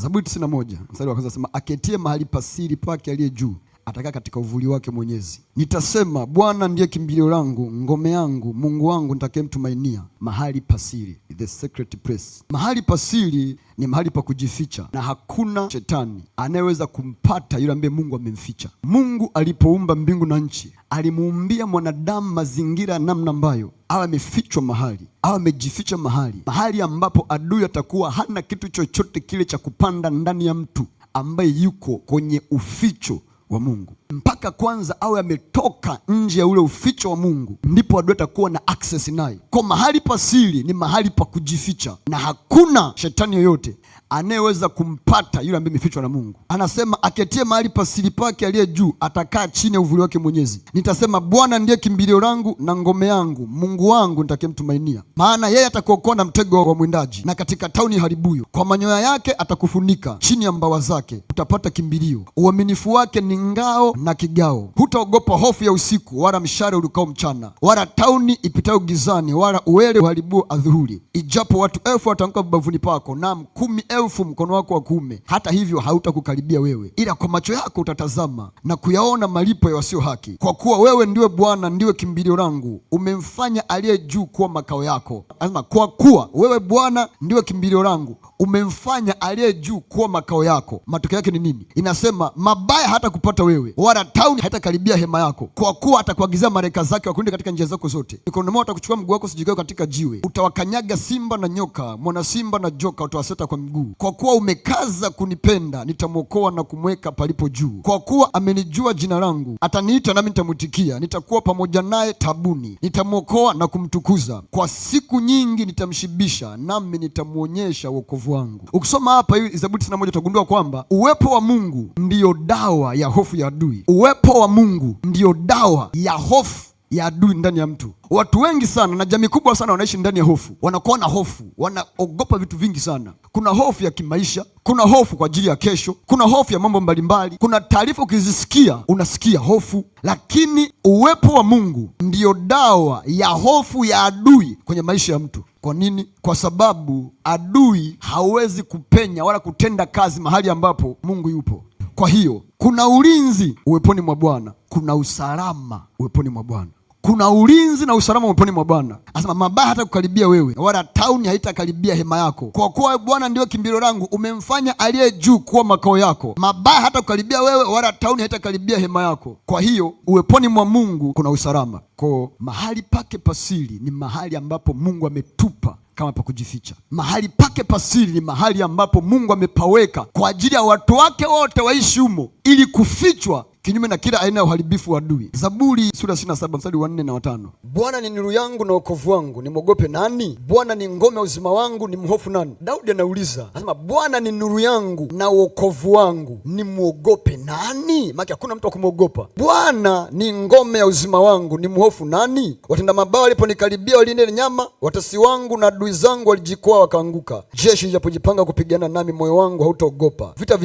Zaburi 91 mstari wa kwanza, sema aketie mahali pa siri pake aliye juu atakaa katika uvuli wake Mwenyezi. Nitasema, Bwana ndiye kimbilio langu, ngome yangu, Mungu wangu nitakayemtumainia, mahali pasiri, the secret place. Mahali pasiri ni mahali pa kujificha, na hakuna shetani anayeweza kumpata yule ambaye Mungu amemficha. Mungu alipoumba mbingu na nchi, alimuumbia mwanadamu mazingira ya namna ambayo awe amefichwa mahali, awe amejificha mahali, mahali ambapo adui atakuwa hana kitu chochote kile cha kupanda ndani ya mtu ambaye yuko kwenye uficho wa Mungu mpaka kwanza awe ametoka nje ya ule uficho wa Mungu, ndipo adui atakuwa na access naye. Kwa mahali pa siri ni mahali pa kujificha, na hakuna shetani yoyote anayeweza kumpata yule ambaye imefichwa na Mungu. Anasema aketie mahali pa siri pake aliye juu atakaa chini ya uvuli wake Mwenyezi. Nitasema Bwana ndiye kimbilio langu na ngome yangu, Mungu wangu nitakemtumainia. Maana yeye atakuokoa na mtego wa mwindaji na katika tauni haribuyo, kwa manyoya yake atakufunika, chini ya mbawa zake utapata kimbilio. Uaminifu wake ni ngao na kigao. Hutaogopa hofu ya usiku, wala mshale ulikao mchana, wala tauni ipitayo gizani, wala uwele uharibuo adhuhuri. Ijapo watu elfu watanguka bavuni pako, naam kumi elfu elfu mkono wako wa kuume, hata hivyo hautakukaribia wewe, ila kwa macho yako utatazama na kuyaona malipo ya wasio haki. Kwa kuwa wewe ndiwe Bwana, ndiwe kimbilio langu, umemfanya aliye juu kuwa makao yako. Anasema kwa kuwa wewe Bwana ndiwe kimbilio langu umemfanya aliye juu kuwa makao yako. Matokeo yake ni nini? Inasema mabaya hata kupata wewe, wala tauni haitakaribia hema yako, kwa kuwa atakuagizia malaika zake wakulinde katika njia zako zote, mikononi mwao watakuchukua, mguu wako usijikwae katika jiwe. Utawakanyaga simba na nyoka, mwana simba na joka utawaseta kwa mguu. Kwa kuwa umekaza kunipenda, nitamwokoa na kumweka palipo juu. Kwa kuwa amenijua jina langu, ataniita nami nitamwitikia, nitakuwa pamoja naye tabuni, nitamwokoa na kumtukuza. Kwa siku nyingi nitamshibisha, nami nitamwonyesha wokovu wokovu wangu. Ukisoma hapa hii Zaburi tisini na moja utagundua kwamba uwepo wa Mungu ndiyo dawa ya hofu ya adui. Uwepo wa Mungu ndiyo dawa ya hofu ya adui ndani ya mtu. Watu wengi sana na jamii kubwa sana wanaishi ndani ya hofu, wanakuwa na hofu, wanaogopa vitu vingi sana. Kuna hofu ya kimaisha, kuna hofu kwa ajili ya kesho, kuna hofu ya mambo mbalimbali, kuna taarifa ukizisikia unasikia hofu, lakini uwepo wa Mungu ndiyo dawa ya hofu ya adui kwenye maisha ya mtu. Kwa nini? Kwa sababu adui hawezi kupenya wala kutenda kazi mahali ambapo Mungu yupo. Kwa hiyo kuna ulinzi uweponi mwa Bwana, kuna usalama uweponi mwa Bwana kuna ulinzi na usalama maponi mwa Bwana. Anasema mabaya hata kukaribia wewe, wala tauni haitakaribia hema yako, kwa kuwa Bwana ndiyo kimbilio langu, umemfanya aliye juu kuwa makao yako. Mabaya hata kukaribia wewe, wala tauni haitakaribia hema yako. Kwa hiyo uweponi mwa Mungu kuna usalama. Kwa mahali pake pasiri ni mahali ambapo Mungu ametupa kama pa kujificha. Mahali pake pasiri ni mahali ambapo Mungu amepaweka kwa ajili ya watu wake wote waishi humo, ili kufichwa kinyume na kila aina ya uharibifu wa adui. Zaburi sura 27 mstari wa 4 na watano, Bwana ni nuru yangu na wokovu wangu, nimwogope nani? Bwana ni ngome ya uzima wangu, ni mhofu nani? Daudi anauliza anasema, Bwana ni nuru yangu na wokovu wangu, nimwogope nani? Maana hakuna mtu wa kumwogopa. Bwana ni ngome ya uzima wangu, ni mhofu nani? Watenda mabaya waliponikaribia walinile nyama, watesi wangu na adui zangu walijikwaa wakaanguka. Jeshi lijapojipanga kupigana nami, moyo wangu hautaogopa. Vita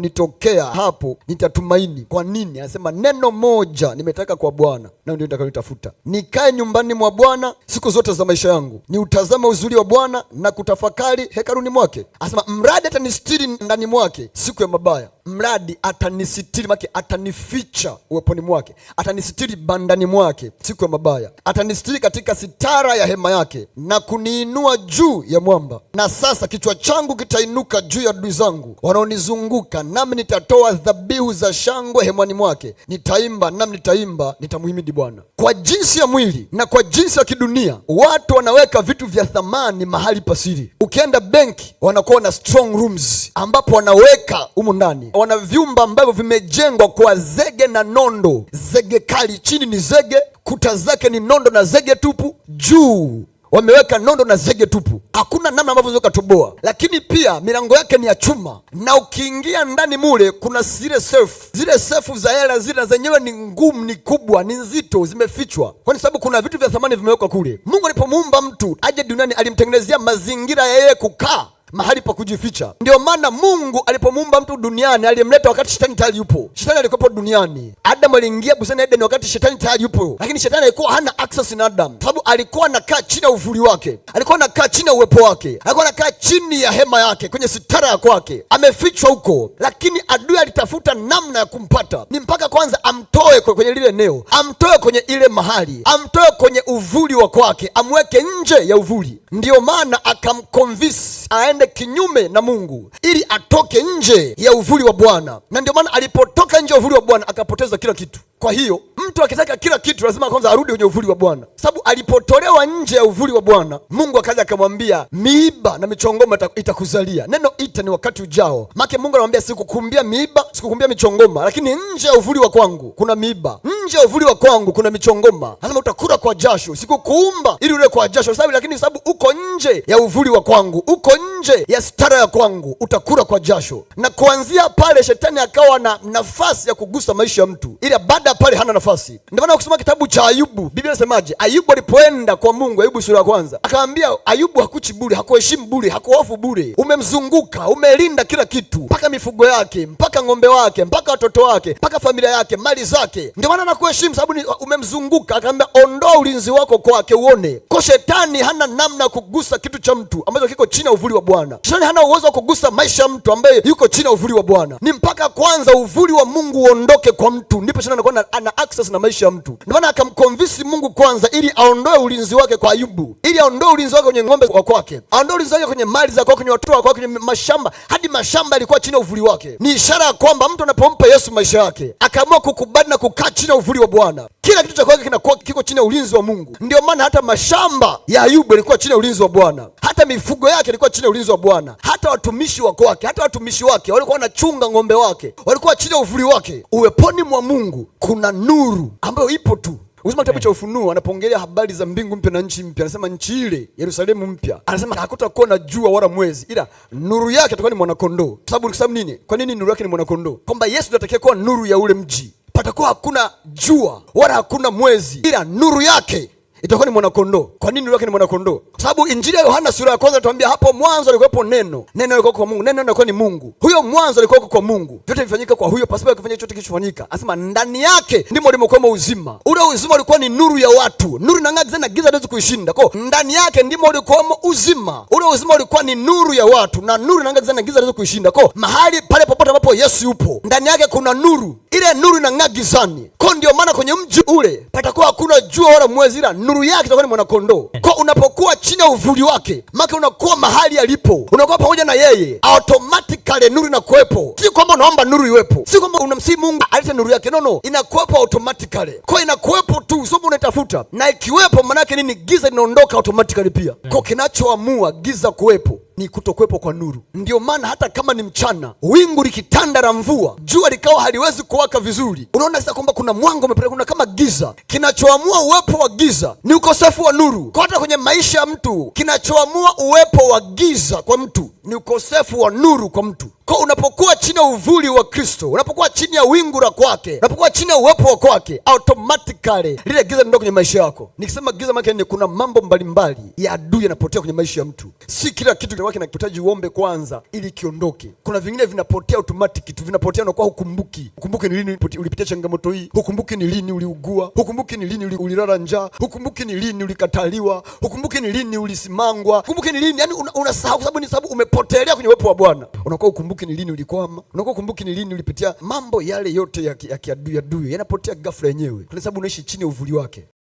nitokea hapo nitatumaini kwa nini? Anasema neno moja nimetaka kwa Bwana, na ndio nitakalotafuta, nikae nyumbani mwa Bwana siku zote za maisha yangu, niutazame uzuri wa Bwana na kutafakari hekaluni mwake. Anasema mradi atanistiri ndani mwake siku ya mabaya mradi atanisitiri, make atanificha uweponi mwake, atanisitiri bandani mwake siku ya mabaya, atanisitiri katika sitara ya hema yake na kuniinua juu ya mwamba. Na sasa kichwa changu kitainuka juu ya adui zangu wanaonizunguka, nami nitatoa dhabihu za shangwe hemani mwake, nitaimba nami nitaimba, nitamhimidi Bwana. Kwa jinsi ya mwili na kwa jinsi ya kidunia, watu wanaweka vitu vya thamani mahali pasiri. Ukienda benki, wanakuwa na strong rooms ambapo wanaweka humu ndani wana vyumba ambavyo vimejengwa kwa zege na nondo, zege kali, chini ni zege, kuta zake ni nondo na zege tupu, juu wameweka nondo na zege tupu, hakuna namna ambavyo ukatoboa. Lakini pia milango yake ni ya chuma, na ukiingia ndani mule kuna zile sefu, zile sefu za hela zile, na zenyewe ni ngumu, ni kubwa, ni nzito, zimefichwa, kwa sababu kuna vitu vya thamani vimewekwa kule. Mungu alipomuumba mtu aje duniani, alimtengenezea mazingira ya yeye kukaa mahali pa kujificha. Ndio maana Mungu alipomuumba mtu duniani aliyemleta wakati shetani tayari yupo. Shetani alikuwepo duniani, Adamu aliingia bustani Edeni wakati shetani tayari yupo, lakini shetani alikuwa hana access na Adamu sababu alikuwa anakaa chini ya uvuli wake, alikuwa anakaa chini ya uwepo wake, alikuwa anakaa chini ya hema yake, kwenye sitara ya kwake, amefichwa huko, lakini adui alitafuta namna ya kumpata, ni mpaka kwanza amtoe kwenye lile eneo, amtoe kwenye ile mahali, amtoe kwenye uvuli wa kwake, amweke nje ya uvuli. Ndiyo maana akamconvince aende aende kinyume na Mungu ili atoke nje ya uvuli wa Bwana, na ndio maana alipotoka nje ya uvuli wa Bwana akapoteza kila kitu. Kwa hiyo mtu akitaka kila kitu lazima kwanza arudi kwenye uvuli wa Bwana, sababu alipotolewa nje ya uvuli wa Bwana, Mungu akaja akamwambia miiba na michongoma itakuzalia. Neno ita ni wakati ujao, make Mungu anamwambia sikukumbia miiba, sikukumbia michongoma, lakini nje ya uvuli wa kwangu kuna miiba, nje ya uvuli wa kwangu kuna michongoma. Lazima utakula kwa jasho, sikukuumba ili ule kwa jasho sababu, lakini sababu uko nje ya uvuli wa kwangu, uko nje ya stara ya kwangu, utakula kwa jasho. Na kuanzia pale shetani akawa na nafasi ya kugusa maisha ya mtu, ili baada baada pale hana nafasi. Ndio maana ukisoma kitabu cha Ayubu, Biblia inasemaje? Ayubu alipoenda kwa Mungu, Ayubu sura ya kwanza, akaambia Ayubu hakuchi bure, hakuheshimu bure, hakuhofu bure, umemzunguka, umelinda kila kitu, mpaka mifugo yake, mpaka ng'ombe wake, mpaka watoto wake, mpaka familia yake, mali zake. Ndio maana anakuheshimu sababu umemzunguka. Akaambia ondoa ulinzi wako kwake uone. Kwa shetani hana namna ya kugusa kitu cha mtu ambacho kiko chini ya uvuli wa Bwana. Shetani hana uwezo wa kugusa maisha ya mtu ambaye yuko chini ya uvuli wa Bwana. Ni mpaka kwanza uvuli wa Mungu uondoke kwa mtu, ndipo shetani anakuwa ana, access na maisha ya mtu. Ndio maana akamconvince Mungu kwanza, ili aondoe ulinzi wake kwa Ayubu, ili aondoe ulinzi wake kwenye ng'ombe wa kwake, aondoe ulinzi wake kwenye mali za kwake, kwenye watoto wake, kwenye mashamba, hadi mashamba yalikuwa chini ya uvuli wake. Ni ishara ya kwamba mtu anapompa Yesu maisha yake, akaamua kukubali na kukaa chini ya uvuli wa Bwana, kila kitu cha kwake kinakuwa kiko chini ya ulinzi wa Mungu. Ndio maana hata mashamba ya Ayubu yalikuwa chini ya ulinzi wa Bwana, hata mifugo yake ilikuwa chini ya ulinzi wa Bwana, hata watumishi wa wake, hata watumishi wake walikuwa wanachunga ng'ombe wake, walikuwa chini ya uvuli wake, uweponi mwa Mungu kuna nuru ambayo ipo tu. Usema kitabu cha Ufunuo anapongelea habari za mbingu mpya na nchi mpya, anasema nchi ile Yerusalemu mpya, anasema hakutakuwa na jua wala mwezi, ila nuru yake atakuwa ni mwanakondoo. Sababu kwa nini? Kwa nini nuru yake ni mwanakondoo? Kwamba Yesu ndiye atakaye kuwa nuru ya ule mji, patakuwa hakuna jua wala hakuna mwezi, ila nuru yake itakuwa ni mwanakondoo. Kwa nini wake ni mwanakondoo? Kwa sababu Injili ya Yohana sura ya kwanza inatuambia hapo mwanzo alikuwepo neno, neno alikuwa kwa Mungu, neno alikuwa ni Mungu. Huyo mwanzo alikuwa kwa Mungu, vyote vifanyika kwa huyo, pasipo kufanya chochote kilichofanyika. Anasema ndani yake ndimo ulimokuwemo uzima, ule uzima ulikuwa ni nuru ya watu, nuru inang'aa gizani na giza haliwezi kuishinda. Kwa ndani yake ndimo ulikuwemo uzima, ule uzima ulikuwa ni nuru ya watu, na nuru inang'aa gizani na giza haliwezi kuishinda. Kwa mahali pale popote ambapo Yesu yupo, ndani yake kuna nuru, ile nuru inang'aa gizani. Kwa ndio maana kwenye mji ule patakuwa hakuna jua wala mwezi ila nuru nuru yake itakuwa ni mwanakondoo. Kwa unapokuwa chini ya uvuli wake, maana unakuwa mahali alipo, unakuwa pamoja na yeye, automatically nuru inakuwepo. Si kwamba unaomba nuru iwepo, si kwamba unamsii Mungu alete nuru yake, nono, inakuwepo automatically. Kwa inakuwepo tu, sio unaitafuta, na ikiwepo maanake nini? Giza linaondoka automatically pia. Kwa kinachoamua giza kuwepo ni kutokuwepo kwa nuru. ndio maana hata kama ni mchana, wingu likitanda la mvua, jua likawa haliwezi kuwaka vizuri, unaona sasa kwamba kuna mwanga umepeleka, kuna kama giza. Kinachoamua uwepo wa giza ni ukosefu wa nuru. Kwa hata kwenye maisha ya mtu, kinachoamua uwepo wa giza kwa mtu ni ukosefu wa nuru kwa mtu. Kwa unapokuwa chini ya uvuli wa Kristo, unapokuwa chini ya wingu la kwake, unapokuwa chini ya uwepo wa kwake, automatically lile giza linaenda kwenye maisha yako. Nikisema giza, maana ni kuna mambo mbalimbali mbali ya adui yanapotea kwenye maisha ya mtu. Si kila kitu kinakuwa kinahitaji uombe kwanza ili kiondoke. Kuna vingine vinapotea automatic tu, vinapotea unakuwa hukumbuki. Hukumbuki ni lini ulipitia changamoto hii, hukumbuki ni lini uliugua, hukumbuki ni lini ulilala njaa, hukumbuki ni lini ulikataliwa, hukumbuki ni lini ulisimangwa, hukumbuki ni lini, yani unasahau una kwa sababu ni sababu ume umepotelea kwenye uwepo wa Bwana, unakuwa ukumbuki ni lini ulikwama, unakuwa ukumbuki ni lini ulipitia. Mambo yale yote ya kiadui adui yanapotea ghafla yenyewe, kwa sababu unaishi chini ya uvuli wake.